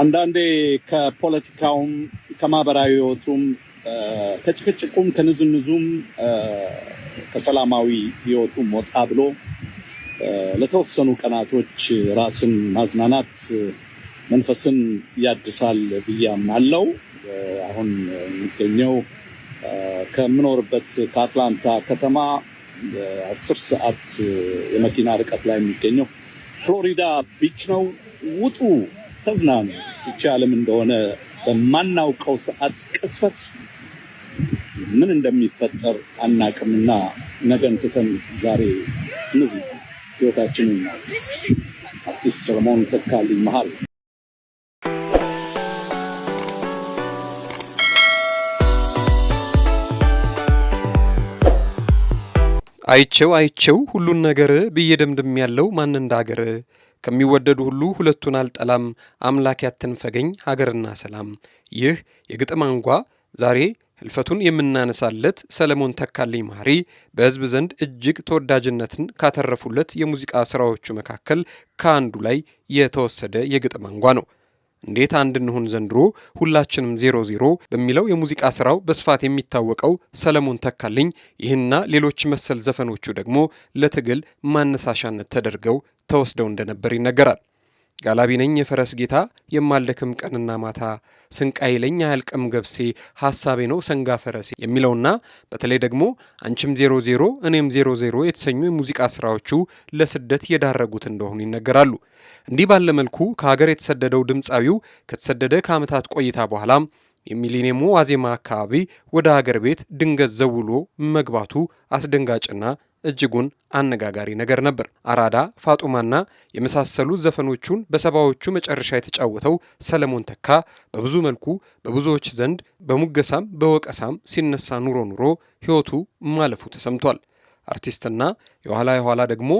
አንዳንዴ ከፖለቲካውም ከማህበራዊ ህይወቱም ከጭቅጭቁም ከንዝንዙም ከሰላማዊ ህይወቱም ወጣ ብሎ ለተወሰኑ ቀናቶች ራስን ማዝናናት መንፈስን ያድሳል ብዬ አለው አሁን የሚገኘው ከምኖርበት ከአትላንታ ከተማ አስር ሰዓት የመኪና ርቀት ላይ የሚገኘው ፍሎሪዳ ቢች ነው። ውጡ ተዝናኑ። ይቺ ዓለም እንደሆነ በማናውቀው ሰዓት ቅስፈት ምን እንደሚፈጠር አናቅምና ነገን ትተን ዛሬ ንዝም ህይወታችንን እናውስ። አርቲስት ሰለሞን ተካልኝ መሃል አይቸው አይቸው ሁሉን ነገር ብዬ ደምድም ያለው ማን እንዳገር ከሚወደዱ ሁሉ ሁለቱን አልጠላም፣ አምላክ ያትንፈገኝ ሀገርና ሰላም። ይህ የግጥም አንጓ ዛሬ ህልፈቱን የምናነሳለት ሰለሞን ተካልኝ ማሪ በህዝብ ዘንድ እጅግ ተወዳጅነትን ካተረፉለት የሙዚቃ ስራዎቹ መካከል ከአንዱ ላይ የተወሰደ የግጥም አንጓ ነው። እንዴት አንድ እንሁን ዘንድሮ ሁላችንም ዜሮ ዜሮ በሚለው የሙዚቃ ስራው በስፋት የሚታወቀው ሰለሞን ተካልኝ ይህና ሌሎች መሰል ዘፈኖቹ ደግሞ ለትግል ማነሳሻነት ተደርገው ተወስደው እንደነበር ይነገራል። ጋላቢ ነኝ የፈረስ ጌታ የማለክም ቀንና ማታ ስንቃይ ለኛ ያልቅም ገብሴ ሀሳቤ ነው ሰንጋ ፈረሴ የሚለውና በተለይ ደግሞ አንቺም ዜሮ ዜሮ እኔም ዜሮ ዜሮ የተሰኙ የሙዚቃ ስራዎቹ ለስደት የዳረጉት እንደሆኑ ይነገራሉ። እንዲህ ባለ መልኩ ከሀገር የተሰደደው ድምፃዊው ከተሰደደ ከዓመታት ቆይታ በኋላም የሚሊኒየሙ ዋዜማ አካባቢ ወደ ሀገር ቤት ድንገት ዘውሎ መግባቱ አስደንጋጭና እጅጉን አነጋጋሪ ነገር ነበር። አራዳ ፋጡማና የመሳሰሉ ዘፈኖቹን በሰባዎቹ መጨረሻ የተጫወተው ሰለሞን ተካ በብዙ መልኩ በብዙዎች ዘንድ በሙገሳም በወቀሳም ሲነሳ ኑሮ ኑሮ ሕይወቱ ማለፉ ተሰምቷል። አርቲስትና የኋላ የኋላ ደግሞ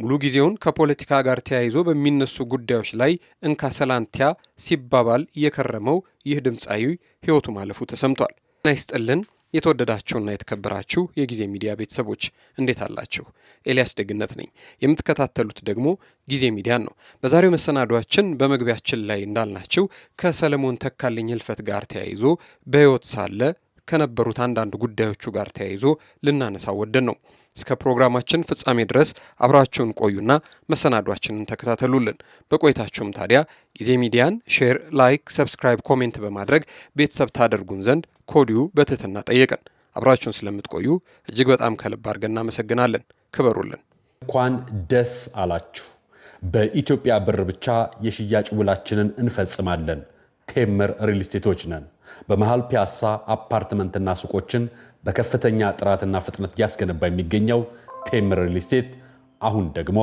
ሙሉ ጊዜውን ከፖለቲካ ጋር ተያይዞ በሚነሱ ጉዳዮች ላይ እንካ ሰላንቲያ ሲባባል የከረመው ይህ ድምፃዊ ሕይወቱ ማለፉ ተሰምቷል። ናይስጥልን የተወደዳችሁና የተከበራችሁ የጊዜ ሚዲያ ቤተሰቦች እንዴት አላችሁ? ኤልያስ ደግነት ነኝ። የምትከታተሉት ደግሞ ጊዜ ሚዲያን ነው። በዛሬው መሰናዷችን በመግቢያችን ላይ እንዳልናችሁ ከሰለሞን ተካልኝ ህልፈት ጋር ተያይዞ በሕይወት ሳለ ከነበሩት አንዳንድ ጉዳዮቹ ጋር ተያይዞ ልናነሳ ወደን ነው። እስከ ፕሮግራማችን ፍጻሜ ድረስ አብራችሁን ቆዩና መሰናዷችንን ተከታተሉልን። በቆይታችሁም ታዲያ ጊዜ ሚዲያን ሼር፣ ላይክ፣ ሰብስክራይብ፣ ኮሜንት በማድረግ ቤተሰብ ታደርጉን ዘንድ ኮዲው በትህትና ጠየቀን። አብራችሁን ስለምትቆዩ እጅግ በጣም ከልብ አድርገን እናመሰግናለን። ክበሩልን። እንኳን ደስ አላችሁ። በኢትዮጵያ ብር ብቻ የሽያጭ ውላችንን እንፈጽማለን። ቴምር ሪል ስቴቶች ነን። በመሃል ፒያሳ አፓርትመንትና ሱቆችን በከፍተኛ ጥራትና ፍጥነት እያስገነባ የሚገኘው ቴምር ሪል ስቴት አሁን ደግሞ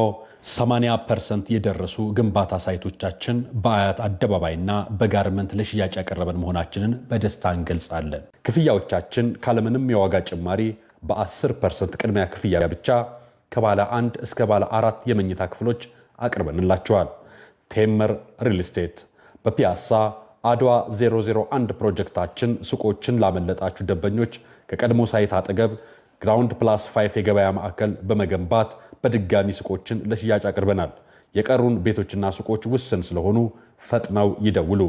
80 ፐርሰንት የደረሱ ግንባታ ሳይቶቻችን በአያት አደባባይና በጋርመንት ለሽያጭ ያቀረበን መሆናችንን በደስታ እንገልጻለን። ክፍያዎቻችን ካለምንም የዋጋ ጭማሪ በ10 ፐርሰንት ቅድሚያ ክፍያ ብቻ ከባለ አንድ እስከ ባለ አራት የመኝታ ክፍሎች አቅርበንላቸዋል። ቴምር ሪል ስቴት በፒያሳ አድዋ 001 ፕሮጀክታችን ሱቆችን ላመለጣችሁ ደንበኞች ከቀድሞ ሳይት አጠገብ ግራውንድ ፕላስ ፋይፍ የገበያ ማዕከል በመገንባት በድጋሚ ሱቆችን ለሽያጭ አቅርበናል። የቀሩን ቤቶችና ሱቆች ውስን ስለሆኑ ፈጥነው ይደውሉ።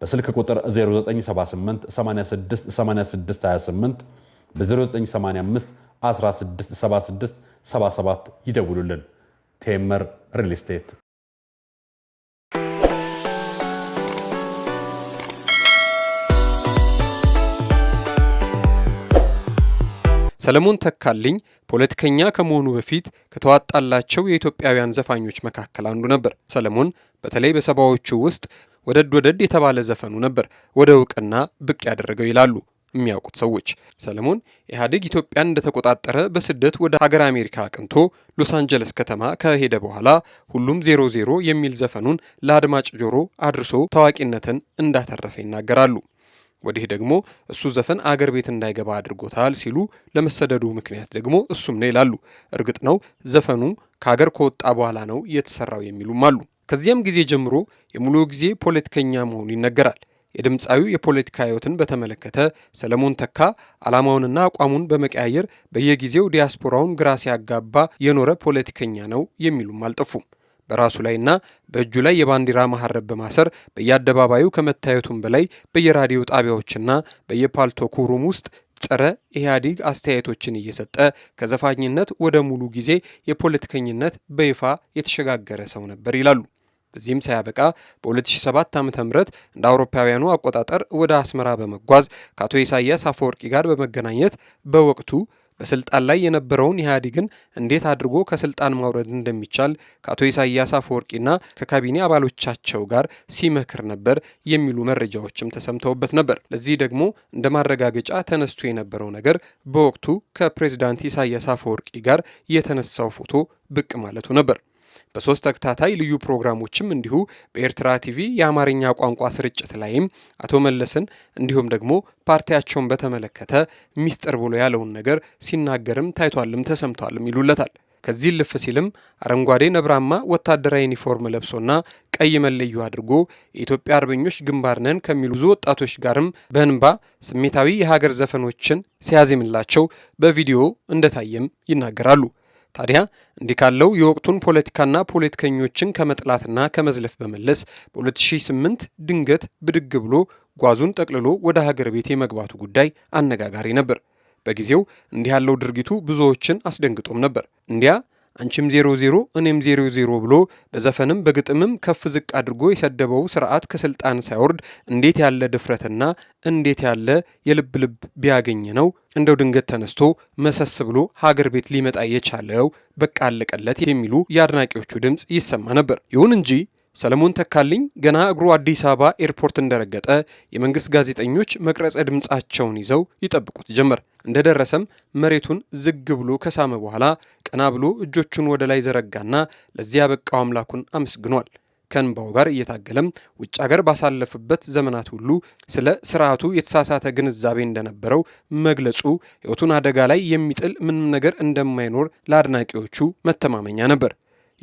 በስልክ ቁጥር 0978868628 በ0985 77 ይደውሉልን። ቴምር ሪል ስቴት ሰለሞን ተካልኝ ፖለቲከኛ ከመሆኑ በፊት ከተዋጣላቸው የኢትዮጵያውያን ዘፋኞች መካከል አንዱ ነበር። ሰለሞን በተለይ በሰባዎቹ ውስጥ ወደድ ወደድ የተባለ ዘፈኑ ነበር ወደ እውቅና ብቅ ያደረገው ይላሉ የሚያውቁት ሰዎች። ሰለሞን ኢህአዴግ ኢትዮጵያን እንደተቆጣጠረ በስደት ወደ ሀገር አሜሪካ አቅንቶ ሎስ አንጀለስ ከተማ ከሄደ በኋላ ሁሉም ዜሮ ዜሮ የሚል ዘፈኑን ለአድማጭ ጆሮ አድርሶ ታዋቂነትን እንዳተረፈ ይናገራሉ። ወዲህ ደግሞ እሱ ዘፈን አገር ቤት እንዳይገባ አድርጎታል ሲሉ ለመሰደዱ ምክንያት ደግሞ እሱም ነው ይላሉ። እርግጥ ነው ዘፈኑ ከአገር ከወጣ በኋላ ነው የተሰራው የሚሉም አሉ። ከዚያም ጊዜ ጀምሮ የሙሉ ጊዜ ፖለቲከኛ መሆኑ ይነገራል። የድምፃዊው የፖለቲካ ሕይወትን በተመለከተ ሰለሞን ተካ ዓላማውንና አቋሙን በመቀያየር በየጊዜው ዲያስፖራውን ግራ ሲያጋባ የኖረ ፖለቲከኛ ነው የሚሉም አልጠፉም። በራሱ ላይና በእጁ ላይ የባንዲራ መሀረብ በማሰር በየአደባባዩ ከመታየቱም በላይ በየራዲዮ ጣቢያዎችና በየፓልቶ ኩሩም ውስጥ ጸረ ኢህአዲግ አስተያየቶችን እየሰጠ ከዘፋኝነት ወደ ሙሉ ጊዜ የፖለቲከኝነት በይፋ የተሸጋገረ ሰው ነበር ይላሉ። በዚህም ሳያበቃ በ2007 ዓ ም እንደ አውሮፓውያኑ አቆጣጠር ወደ አስመራ በመጓዝ ከአቶ ኢሳያስ አፈወርቂ ጋር በመገናኘት በወቅቱ በስልጣን ላይ የነበረውን ኢህአዴግን እንዴት አድርጎ ከስልጣን ማውረድ እንደሚቻል ከአቶ ኢሳያስ አፈወርቂና ከካቢኔ አባሎቻቸው ጋር ሲመክር ነበር የሚሉ መረጃዎችም ተሰምተውበት ነበር። ለዚህ ደግሞ እንደ ማረጋገጫ ተነስቶ የነበረው ነገር በወቅቱ ከፕሬዚዳንት ኢሳያስ አፈወርቂ ጋር የተነሳው ፎቶ ብቅ ማለቱ ነበር። በሶስት ተከታታይ ልዩ ፕሮግራሞችም እንዲሁ በኤርትራ ቲቪ የአማርኛ ቋንቋ ስርጭት ላይም አቶ መለስን እንዲሁም ደግሞ ፓርቲያቸውን በተመለከተ ሚስጥር ብሎ ያለውን ነገር ሲናገርም ታይቷልም ተሰምቷልም ይሉለታል። ከዚህ ልፍ ሲልም አረንጓዴ ነብራማ ወታደራዊ ዩኒፎርም ለብሶና ቀይ መለዩ አድርጎ የኢትዮጵያ አርበኞች ግንባር ነን ከሚሉ ብዙ ወጣቶች ጋርም በእንባ ስሜታዊ የሀገር ዘፈኖችን ሲያዜምላቸው በቪዲዮ እንደታየም ይናገራሉ። ታዲያ እንዲህ ካለው የወቅቱን ፖለቲካና ፖለቲከኞችን ከመጥላትና ከመዝለፍ በመለስ በ2008 ድንገት ብድግ ብሎ ጓዙን ጠቅልሎ ወደ ሀገር ቤት የመግባቱ ጉዳይ አነጋጋሪ ነበር። በጊዜው እንዲህ ያለው ድርጊቱ ብዙዎችን አስደንግጦም ነበር። እንዲያ አንቺም ዜሮ ዜሮ እኔም ዜሮ ዜሮ ብሎ በዘፈንም በግጥምም ከፍ ዝቅ አድርጎ የሰደበው ስርዓት ከስልጣን ሳይወርድ እንዴት ያለ ድፍረትና እንዴት ያለ የልብ ልብ ቢያገኝ ነው እንደው ድንገት ተነስቶ መሰስ ብሎ ሀገር ቤት ሊመጣ የቻለው? በቃ አለቀለት የሚሉ የአድናቂዎቹ ድምፅ ይሰማ ነበር። ይሁን እንጂ ሰለሞን ተካልኝ ገና እግሩ አዲስ አበባ ኤርፖርት እንደረገጠ የመንግስት ጋዜጠኞች መቅረጸ ድምፃቸውን ይዘው ይጠብቁት ጀመር። እንደደረሰም መሬቱን ዝግ ብሎ ከሳመ በኋላ ቀና ብሎ እጆቹን ወደ ላይ ዘረጋና ለዚያ ያበቃው አምላኩን አመስግኗል። ከእንባው ጋር እየታገለም ውጭ ሀገር ባሳለፍበት ዘመናት ሁሉ ስለ ስርዓቱ የተሳሳተ ግንዛቤ እንደነበረው መግለጹ ሕይወቱን አደጋ ላይ የሚጥል ምንም ነገር እንደማይኖር ለአድናቂዎቹ መተማመኛ ነበር።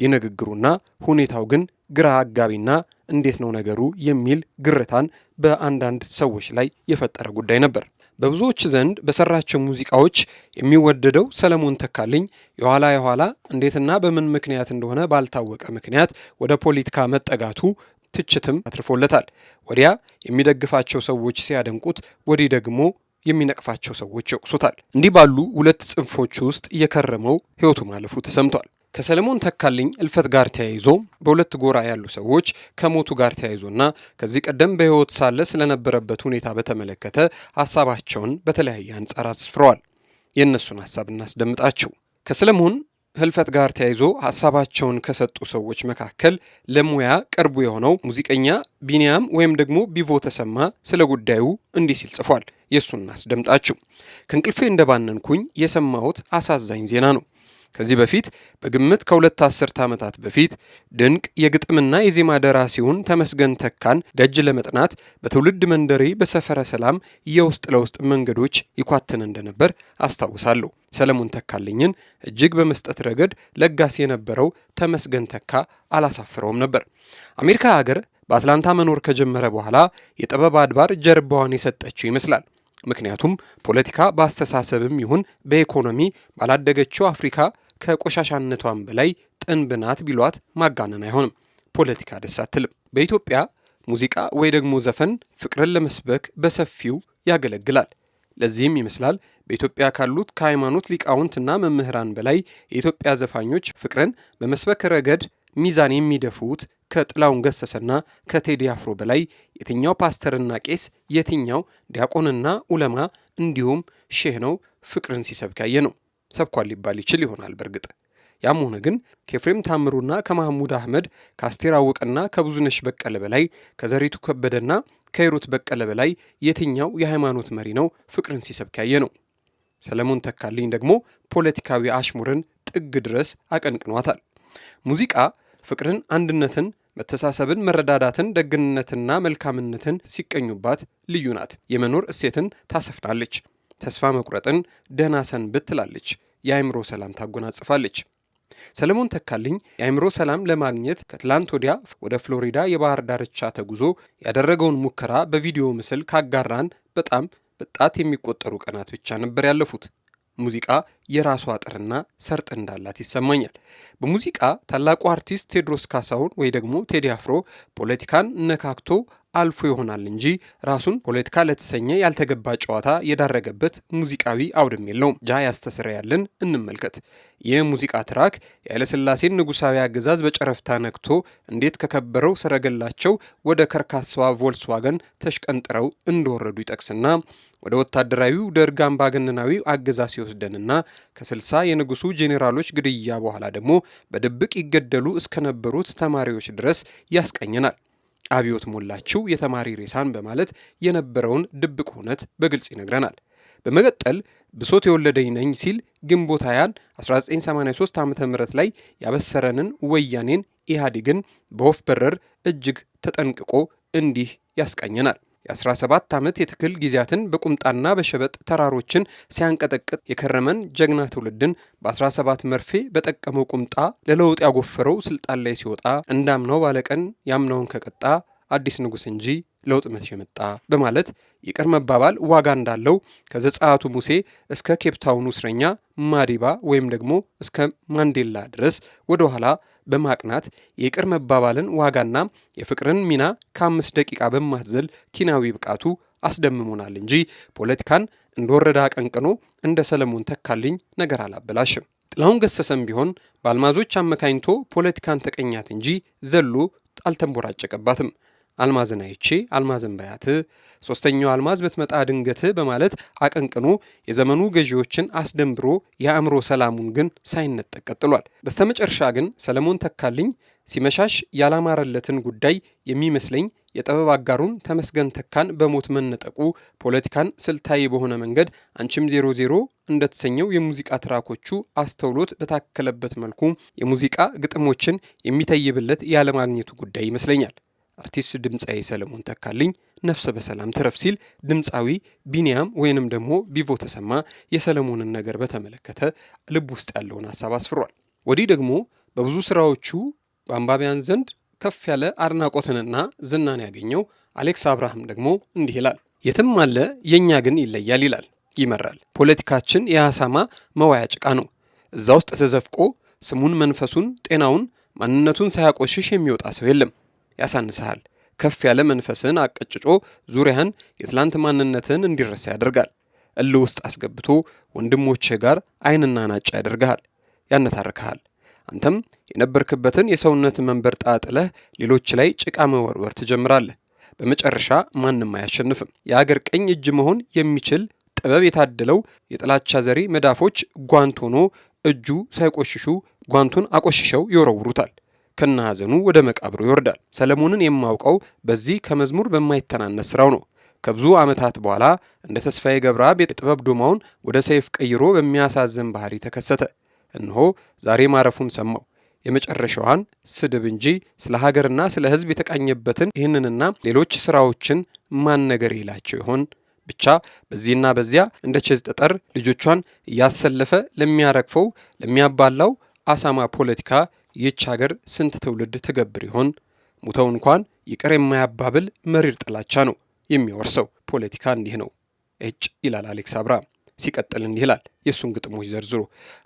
ይህ ንግግሩና ሁኔታው ግን ግራ አጋቢና እንዴት ነው ነገሩ የሚል ግርታን በአንዳንድ ሰዎች ላይ የፈጠረ ጉዳይ ነበር። በብዙዎች ዘንድ በሰራቸው ሙዚቃዎች የሚወደደው ሰለሞን ተካልኝ የኋላ የኋላ እንዴትና በምን ምክንያት እንደሆነ ባልታወቀ ምክንያት ወደ ፖለቲካ መጠጋቱ ትችትም አትርፎለታል። ወዲያ የሚደግፋቸው ሰዎች ሲያደንቁት፣ ወዲህ ደግሞ የሚነቅፋቸው ሰዎች ይወቅሱታል። እንዲህ ባሉ ሁለት ጽንፎች ውስጥ እየከረመው ሕይወቱ ማለፉ ተሰምቷል። ከሰለሞን ተካልኝ እልፈት ጋር ተያይዞ በሁለት ጎራ ያሉ ሰዎች ከሞቱ ጋር ተያይዞና ከዚህ ቀደም በሕይወት ሳለ ስለነበረበት ሁኔታ በተመለከተ ሀሳባቸውን በተለያየ አንጻር አስፍረዋል። የእነሱን ሀሳብ እናስደምጣችሁ። ከሰለሞን ህልፈት ጋር ተያይዞ ሀሳባቸውን ከሰጡ ሰዎች መካከል ለሙያ ቅርቡ የሆነው ሙዚቀኛ ቢኒያም ወይም ደግሞ ቢቮ ተሰማ ስለ ጉዳዩ እንዲህ ሲል ጽፏል። የእሱን እናስደምጣችሁ። ከእንቅልፌ እንደባነንኩኝ የሰማሁት አሳዛኝ ዜና ነው። ከዚህ በፊት በግምት ከሁለት አስርት ዓመታት በፊት ድንቅ የግጥምና የዜማ ደራሲውን ተመስገን ተካን ደጅ ለመጥናት በትውልድ መንደሬ በሰፈረ ሰላም የውስጥ ለውስጥ መንገዶች ይኳትን እንደነበር አስታውሳለሁ። ሰለሞን ተካልኝን እጅግ በመስጠት ረገድ ለጋስ የነበረው ተመስገን ተካ አላሳፍረውም ነበር። አሜሪካ ሀገር በአትላንታ መኖር ከጀመረ በኋላ የጥበብ አድባር ጀርባዋን የሰጠችው ይመስላል። ምክንያቱም ፖለቲካ በአስተሳሰብም ይሁን በኢኮኖሚ ባላደገችው አፍሪካ ከቆሻሻነቷን በላይ ጥንብ ናት ቢሏት ማጋነን አይሆንም። ፖለቲካ ደስ አትልም። በኢትዮጵያ ሙዚቃ ወይ ደግሞ ዘፈን ፍቅርን ለመስበክ በሰፊው ያገለግላል። ለዚህም ይመስላል በኢትዮጵያ ካሉት ከሃይማኖት ሊቃውንትና መምህራን በላይ የኢትዮጵያ ዘፋኞች ፍቅርን በመስበክ ረገድ ሚዛን የሚደፉት ከጥላውን ገሰሰና ከቴዲ አፍሮ በላይ የትኛው ፓስተርና ቄስ፣ የትኛው ዲያቆንና ኡለማ እንዲሁም ሼህ ነው ፍቅርን ሲሰብክ ያየ ነው? ሰብኳል ሊባል ይችል ይሆናል በእርግጥ ያም ሆነ ግን ከኤፍሬም ታምሩና ከማህሙድ አህመድ ከአስቴር አወቀና ከብዙነሽ በቀለ በላይ ከዘሪቱ ከበደና ከሂሩት በቀለ በላይ የትኛው የሃይማኖት መሪ ነው ፍቅርን ሲሰብክ ያየ ነው? ሰለሞን ተካልኝ ደግሞ ፖለቲካዊ አሽሙርን ጥግ ድረስ አቀንቅኗታል። ሙዚቃ ፍቅርን፣ አንድነትን፣ መተሳሰብን፣ መረዳዳትን፣ ደግነትና መልካምነትን ሲቀኙባት ልዩ ናት። የመኖር እሴትን ታሰፍናለች። ተስፋ መቁረጥን ደህና ሰንብት ትላለች። የአእምሮ ሰላም ታጎናጽፋለች። ሰለሞን ተካልኝ የአእምሮ ሰላም ለማግኘት ከትላንት ወዲያ ወደ ፍሎሪዳ የባህር ዳርቻ ተጉዞ ያደረገውን ሙከራ በቪዲዮ ምስል ካጋራን በጣም በጣት የሚቆጠሩ ቀናት ብቻ ነበር ያለፉት። ሙዚቃ የራሷ አጥርና ሰርጥ እንዳላት ይሰማኛል። በሙዚቃ ታላቁ አርቲስት ቴድሮስ ካሳሁን ወይ ደግሞ ቴዲ አፍሮ ፖለቲካን ነካክቶ አልፎ ይሆናል እንጂ ራሱን ፖለቲካ ለተሰኘ ያልተገባ ጨዋታ የዳረገበት ሙዚቃዊ አውድም የለውም። ጃ ያስተስረ ያለን እንመልከት። ይህ ሙዚቃ ትራክ የኃይለሥላሴን ንጉሳዊ አገዛዝ በጨረፍታ ነክቶ እንዴት ከከበረው ሰረገላቸው ወደ ከርካሳዋ ቮልስዋገን ተሽቀንጥረው እንደወረዱ ይጠቅስና ወደ ወታደራዊው ደርግ አምባገነናዊ አገዛዝ ሲወስደንና ከስልሳ የንጉሱ ጄኔራሎች ግድያ በኋላ ደግሞ በድብቅ ይገደሉ እስከነበሩት ተማሪዎች ድረስ ያስቀኘናል። አብዮት ሞላችው የተማሪ ሬሳን በማለት የነበረውን ድብቅ እውነት በግልጽ ይነግረናል። በመቀጠል ብሶት የወለደኝ ነኝ ሲል ግንቦት ሃያን 1983 ዓ ም ላይ ያበሰረንን ወያኔን ኢህአዴግን በወፍ በረር እጅግ ተጠንቅቆ እንዲህ ያስቀኘናል። የ17 ዓመት የትግል ጊዜያትን በቁምጣና በሸበጥ ተራሮችን ሲያንቀጠቅጥ የከረመን ጀግና ትውልድን በ17 መርፌ በጠቀመው ቁምጣ ለለውጥ ያጎፈረው ስልጣን ላይ ሲወጣ እንዳምናው ባለቀን ያምናውን ከቀጣ አዲስ ንጉስ እንጂ ለውጥ መቼ መጣ በማለት ይቅር መባባል ዋጋ እንዳለው ከዘጸአቱ ሙሴ እስከ ኬፕታውኑ እስረኛ ማዲባ ወይም ደግሞ እስከ ማንዴላ ድረስ ወደ ኋላ በማቅናት የቅር መባባልን ዋጋና የፍቅርን ሚና ከአምስት ደቂቃ በማትዘል ኪናዊ ብቃቱ አስደምሞናል እንጂ ፖለቲካን እንደወረደ አቀንቅኖ እንደ ሰለሞን ተካልኝ ነገር አላበላሽም። ጥላሁን ገሰሰም ቢሆን በአልማዞች አመካኝቶ ፖለቲካን ተቀኛት እንጂ ዘሎ አልተንቦራጨቀባትም። አልማዝን አይቼ አልማዝን ባያት ሶስተኛው አልማዝ ብትመጣ ድንገት በማለት አቀንቅኖ የዘመኑ ገዢዎችን አስደንብሮ የአእምሮ ሰላሙን ግን ሳይነጠቅ ቀጥሏል። በስተመጨረሻ ግን ሰለሞን ተካልኝ ሲመሻሽ ያላማረለትን ጉዳይ የሚመስለኝ የጥበብ አጋሩን ተመስገን ተካን በሞት መነጠቁ ፖለቲካን ስልታዊ በሆነ መንገድ አንቺም ዜሮ ዜሮ እንደተሰኘው የሙዚቃ ትራኮቹ አስተውሎት በታከለበት መልኩ የሙዚቃ ግጥሞችን የሚተይብለት ያለማግኘቱ ጉዳይ ይመስለኛል። አርቲስት ድምፃዊ ሰለሞን ተካልኝ ነፍሰ በሰላም ትረፍ ሲል ድምፃዊ ቢኒያም ወይንም ደግሞ ቢቮ ተሰማ የሰለሞንን ነገር በተመለከተ ልብ ውስጥ ያለውን ሀሳብ አስፍሯል። ወዲህ ደግሞ በብዙ ስራዎቹ በአንባቢያን ዘንድ ከፍ ያለ አድናቆትንና ዝናን ያገኘው አሌክስ አብርሃም ደግሞ እንዲህ ይላል። የትም አለ የእኛ ግን ይለያል ይላል፣ ይመራል። ፖለቲካችን የአሳማ መዋያ ጭቃ ነው። እዛ ውስጥ ተዘፍቆ ስሙን፣ መንፈሱን፣ ጤናውን፣ ማንነቱን ሳያቆሽሽ የሚወጣ ሰው የለም። ያሳንሰሃል። ከፍ ያለ መንፈስን አቀጭጮ ዙሪያህን የትላንት ማንነትን እንዲረሳ ያደርጋል። እልህ ውስጥ አስገብቶ ወንድሞችህ ጋር ዓይንና ናጭ ያደርግሃል፣ ያነታርክሃል። አንተም የነበርክበትን የሰውነት መንበር ጣጥለህ ሌሎች ላይ ጭቃ መወርወር ትጀምራለህ። በመጨረሻ ማንም አያሸንፍም። የአገር ቀኝ እጅ መሆን የሚችል ጥበብ የታደለው የጥላቻ ዘሪ መዳፎች ጓንት ሆኖ እጁ ሳይቆሽሹ ጓንቱን አቆሽሸው ይወረውሩታል። ከነሐዘኑ ወደ መቃብሩ ይወርዳል። ሰለሞንን የማውቀው በዚህ ከመዝሙር በማይተናነስ ስራው ነው። ከብዙ ዓመታት በኋላ እንደ ተስፋዬ ገብረአብ የጥበብ ዶማውን ወደ ሰይፍ ቀይሮ በሚያሳዝን ባህሪ ተከሰተ። እነሆ ዛሬ ማረፉን ሰማው። የመጨረሻዋን ስድብ እንጂ ስለ ሀገርና ስለ ሕዝብ የተቃኘበትን ይህንንና ሌሎች ስራዎችን ማን ነገር ይላቸው ይሆን? ብቻ በዚህና በዚያ እንደ ቼዝ ጠጠር ልጆቿን እያሰለፈ ለሚያረግፈው ለሚያባላው አሳማ ፖለቲካ ይህች ሀገር ስንት ትውልድ ትገብር ይሆን? ሙተው እንኳን ይቅር የማያባብል መሪር ጥላቻ ነው የሚወርሰው። ፖለቲካ እንዲህ ነው እጭ ይላል አሌክስ አብርሃም። ሲቀጥል እንዲህ ይላል የእሱን ግጥሞች ዘርዝሮ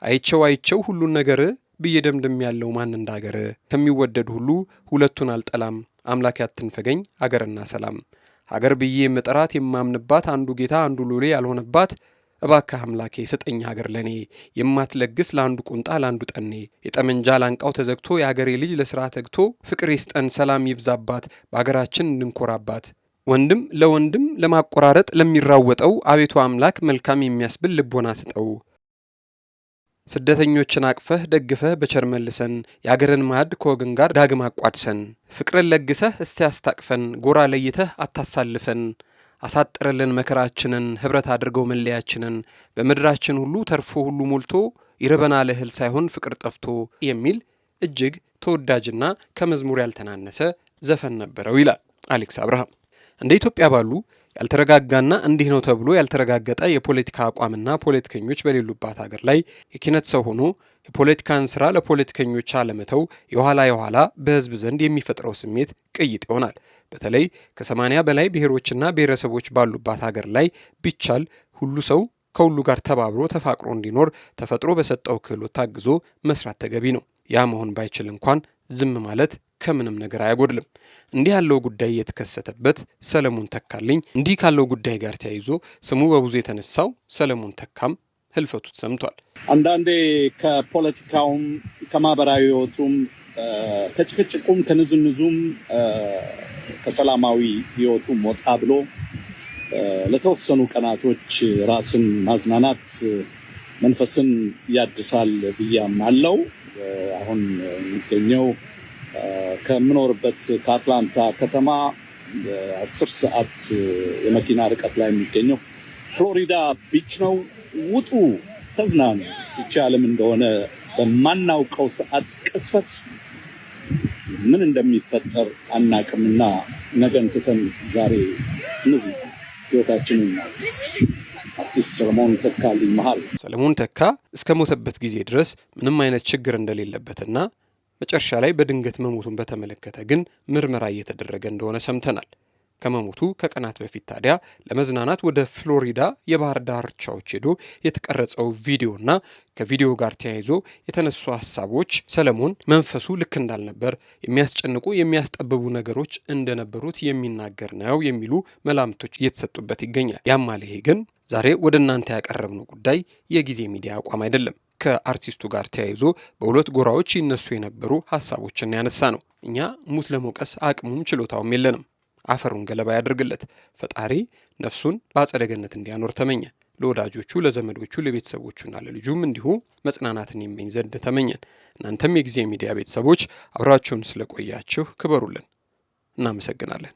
አይቸው አይቸው ሁሉን ነገር ብዬ ደምድም ያለው ማን እንደ ሀገር ከሚወደድ ሁሉ ሁለቱን አልጠላም አምላክ ያትንፈገኝ አገርና ሰላም ሀገር ብዬ የምጠራት የማምንባት አንዱ ጌታ አንዱ ሎሌ ያልሆነባት እባክህ አምላኬ ስጠኝ ሀገር ለእኔ የማትለግስ ለአንዱ ቁንጣ ለአንዱ ጠኔ የጠመንጃ ላንቃው ተዘግቶ የአገሬ ልጅ ለሥራ ተግቶ ፍቅር ይስጠን ሰላም ይብዛባት በአገራችን እንንኮራባት ወንድም ለወንድም ለማቆራረጥ ለሚራወጠው አቤቱ አምላክ መልካም የሚያስብል ልቦና ስጠው። ስደተኞችን አቅፈህ ደግፈህ በቸር መልሰን የአገርን ማዕድ ከወገን ጋር ዳግም አቋድሰን ፍቅርን ለግሰህ እስቲ አስታቅፈን ጎራ ለይተህ አታሳልፈን። አሳጥርልን መከራችንን፣ ኅብረት አድርገው መለያችንን፣ በምድራችን ሁሉ ተርፎ ሁሉ ሞልቶ ይርበናል እህል ሳይሆን ፍቅር ጠፍቶ የሚል እጅግ ተወዳጅና ከመዝሙር ያልተናነሰ ዘፈን ነበረው ይላል አሌክስ አብርሃም። እንደ ኢትዮጵያ ባሉ ያልተረጋጋና እንዲህ ነው ተብሎ ያልተረጋገጠ የፖለቲካ አቋምና ፖለቲከኞች በሌሉባት ሀገር ላይ የኪነት ሰው ሆኖ የፖለቲካን ስራ ለፖለቲከኞች አለመተው የኋላ የኋላ በህዝብ ዘንድ የሚፈጥረው ስሜት ቅይጥ ይሆናል። በተለይ ከሰማንያ በላይ ብሔሮችና ብሔረሰቦች ባሉባት ሀገር ላይ ቢቻል ሁሉ ሰው ከሁሉ ጋር ተባብሮ ተፋቅሮ እንዲኖር ተፈጥሮ በሰጠው ክህሎት ታግዞ መስራት ተገቢ ነው። ያ መሆን ባይችል እንኳን ዝም ማለት ከምንም ነገር አያጎድልም። እንዲህ ያለው ጉዳይ የተከሰተበት ሰለሞን ተካልኝ እንዲህ ካለው ጉዳይ ጋር ተያይዞ ስሙ በብዙ የተነሳው ሰለሞን ተካም ህልፈቱ ተሰምቷል። አንዳንዴ ከፖለቲካውም ከማህበራዊ ህይወቱም ከጭቅጭቁም ከንዝንዙም ከሰላማዊ ህይወቱም ወጣ ብሎ ለተወሰኑ ቀናቶች ራስን ማዝናናት መንፈስን ያድሳል ብዬ አለው። አሁን የሚገኘው ከምኖርበት ከአትላንታ ከተማ አስር ሰዓት የመኪና ርቀት ላይ የሚገኘው ፍሎሪዳ ቢች ነው። ውጡ፣ ተዝናኑ። ይቺ ዓለም እንደሆነ በማናውቀው ሰዓት ቅስፈት ምን እንደሚፈጠር አናቅምና ነገን ትተን ዛሬ እንዝና፣ ህይወታችንን እናድስ። አርቲስት ሰለሞን ተካ ይመሃል። ሰለሞን ተካ እስከ ሞተበት ጊዜ ድረስ ምንም አይነት ችግር እንደሌለበትና መጨረሻ ላይ በድንገት መሞቱን በተመለከተ ግን ምርመራ እየተደረገ እንደሆነ ሰምተናል። ከመሞቱ ከቀናት በፊት ታዲያ ለመዝናናት ወደ ፍሎሪዳ የባህር ዳርቻዎች ሄዶ የተቀረጸው ቪዲዮና ከቪዲዮ ጋር ተያይዞ የተነሱ ሀሳቦች ሰለሞን መንፈሱ ልክ እንዳልነበር የሚያስጨንቁ የሚያስጠብቡ ነገሮች እንደነበሩት የሚናገር ነው የሚሉ መላምቶች እየተሰጡበት ይገኛል። ያም ይሄ ግን ዛሬ ወደ እናንተ ያቀረብነው ጉዳይ የጊዜ ሚዲያ አቋም አይደለም። ከአርቲስቱ ጋር ተያይዞ በሁለት ጎራዎች ይነሱ የነበሩ ሀሳቦችን ያነሳ ነው። እኛ ሙት ለመውቀስ አቅሙም ችሎታውም የለንም። አፈሩን ገለባ ያደርግለት። ፈጣሪ ነፍሱን በአጸደ ገነት እንዲያኖር ተመኘ። ለወዳጆቹ፣ ለዘመዶቹ፣ ለቤተሰቦቹና ለልጁም እንዲሁ መጽናናትን የመኝ ዘንድ ተመኘን። እናንተም የጊዜ ሚዲያ ቤተሰቦች አብራችሁን ስለቆያችሁ ክበሩልን። እናመሰግናለን።